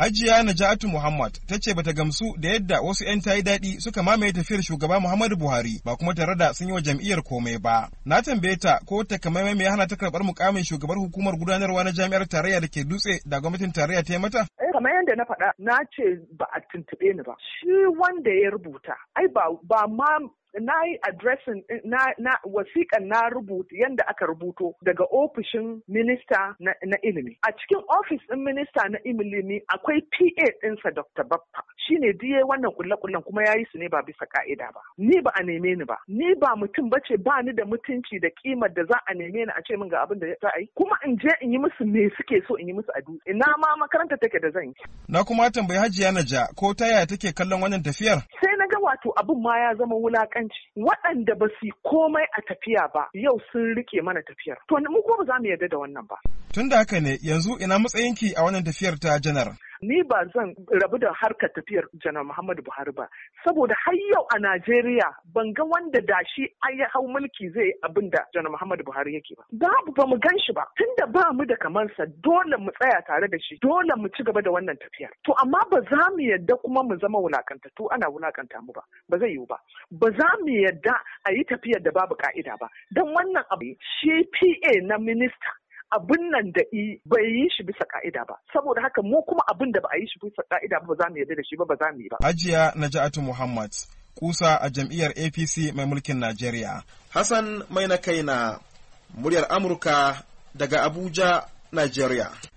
Hajiya Najatu Muhammad ta ce bata gamsu da yadda wasu 'yan tayi daɗi suka mamaye tafiyar shugaba Muhammadu Buhari ba kuma tare da sun yi wa jam'iyyar komai ba. Na tambaye ta ko ta me mai hana ta karɓar mukamin shugabar hukumar gudanarwa na jami'ar tarayya da ke dutse da gwamnatin tarayya ta yi mata? Eh, kamar yadda na faɗa na ce ba a tuntuɓe ni ba shi wanda ya rubuta ai ba ma na yi adresin na, wasiƙan na rubuta yadda aka rubuto daga ofishin minista na, ilimi. A cikin ofis ɗin minista na ilimi akwai PA ɗinsa Dr. Baffa. Shi ne diye wannan kule kullen kuma ya yi su ne ba bisa ka'ida ba. Ni ba a neme ni ba. Ni ba mutum ba ce ba ni da mutunci da ƙimar da za a neme ni a ce min ga abin da za a yi. Kuma in je in yi musu me suke so in yi musu a Ina ma makaranta take da zan yi. Na kuma tambayi Hajiya Naja ko ta yaya take kallon wannan tafiyar? to abin ma ya zama wulakanci waɗanda ba su komai a tafiya ba yau sun rike mana tafiyar to mu ko ba za mu yarda da wannan ba Tunda haka ne yanzu ina matsayinki a wannan tafiyar ta janar ni ba zan rabu da harkar tafiyar janar muhammadu buhari ba saboda har yau a najeriya ban ga wanda da shi ya hau mulki zai yi abin da janar muhammadu buhari yake ba babu ba mu gan shi ba tunda ba mu da kamansa dole mu tsaya tare da shi dole mu ci gaba da wannan tafiyar to amma ba za mu yadda kuma mu zama wulakantattu ana wulakanta mu ba ba zai yiwu ba ba za mu yadda a yi tafiyar da babu ka'ida ba don wannan abu shi pa na minista abin nan da bai yi shi bisa ka'ida ba saboda haka mu kuma abin da ba a yi shi bisa ka'ida ba za mu yarda da shi ba ba za mu yi ba ajiya naja'atu muhammad kusa a jam'iyyar apc mai mulkin najeriya hassan mai na kaina muryar amurka daga abuja najeriya